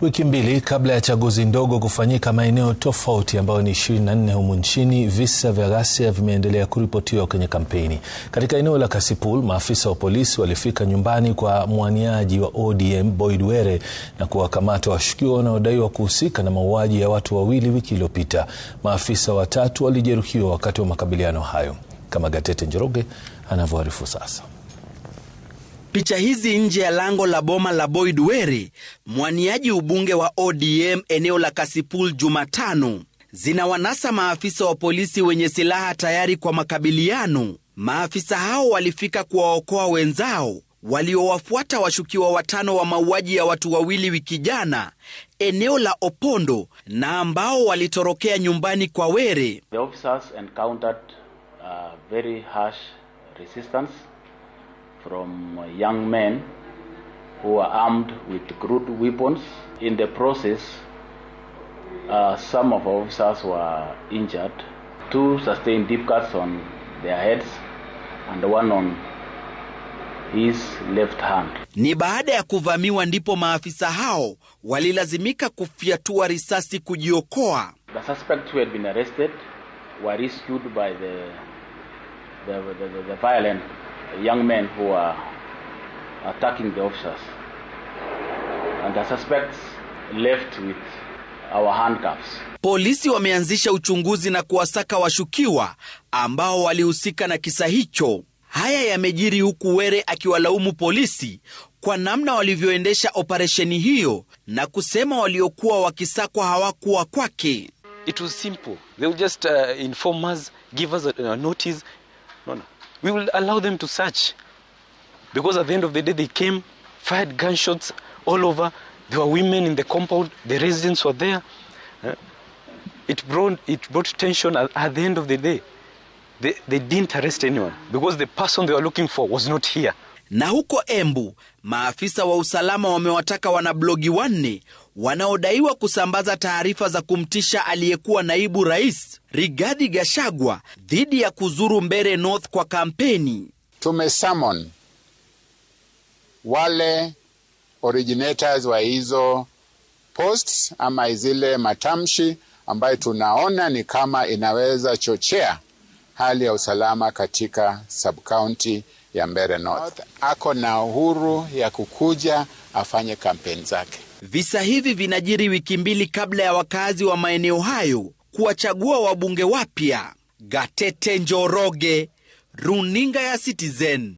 Wiki mbili kabla ya chaguzi ndogo kufanyika maeneo tofauti ambayo ni 24 humu nchini, visa vya ghasia vimeendelea kuripotiwa kwenye kampeni. Katika eneo la Kasipul, maafisa wa polisi walifika nyumbani kwa mwaniaji wa ODM Boyd Were na kuwakamata washukiwa wanaodaiwa kuhusika na mauaji ya watu wawili wiki iliyopita. Maafisa watatu walijeruhiwa wakati wa makabiliano hayo, kama Gatete Njoroge anavyoarifu sasa. Picha hizi nje ya lango la boma la Boyd Were, mwaniaji ubunge wa ODM eneo la Kasipul Jumatano, zinawanasa maafisa wa polisi wenye silaha tayari kwa makabiliano. Maafisa hao walifika kuwaokoa wenzao waliowafuata washukiwa watano wa mauaji ya watu wawili wiki jana eneo la Opondo na ambao walitorokea nyumbani kwa Were. The officers encountered, uh, very harsh resistance from young men who are armed with crude weapons. In the process, uh, some of our officers were injured. Two sustained deep cuts on their heads and one on his left hand. Ni baada ya kuvamiwa ndipo maafisa hao walilazimika kufyatua risasi kujiokoa. The suspects who had been arrested were rescued by the, the, the, the, the violent young men who are attacking the officers. And the suspects left with our handcuffs. Polisi wameanzisha uchunguzi na kuwasaka washukiwa ambao walihusika na kisa hicho. Haya yamejiri huku Were akiwalaumu polisi kwa namna walivyoendesha operesheni hiyo na kusema waliokuwa wakisakwa hawakuwa kwake. It was simple. They They'll just uh, inform us, give us a, a notice. No, no. we will allow them to search. Because at the end of the day, they came, fired gunshots all over. There were women in the compound, the residents were there. Eh? It brought, it brought tension at, at the end of the day. They, they didn't arrest anyone because the person they were looking for was not here. Na huko Embu, maafisa wa usalama wamewataka wanablogi wanne wanaodaiwa kusambaza taarifa za kumtisha aliyekuwa naibu rais Rigathi Gachagua dhidi ya kuzuru Mbeere North kwa kampeni. Tumesummon wale originators wa hizo posts ama zile matamshi ambayo tunaona ni kama inaweza chochea hali ya usalama katika subcounty ya Mbere North. Ako na uhuru ya kukuja afanye kampeni zake. Visa hivi vinajiri wiki mbili kabla ya wakazi wa maeneo hayo kuwachagua wabunge wapya. Gatete Njoroge, runinga ya Citizen.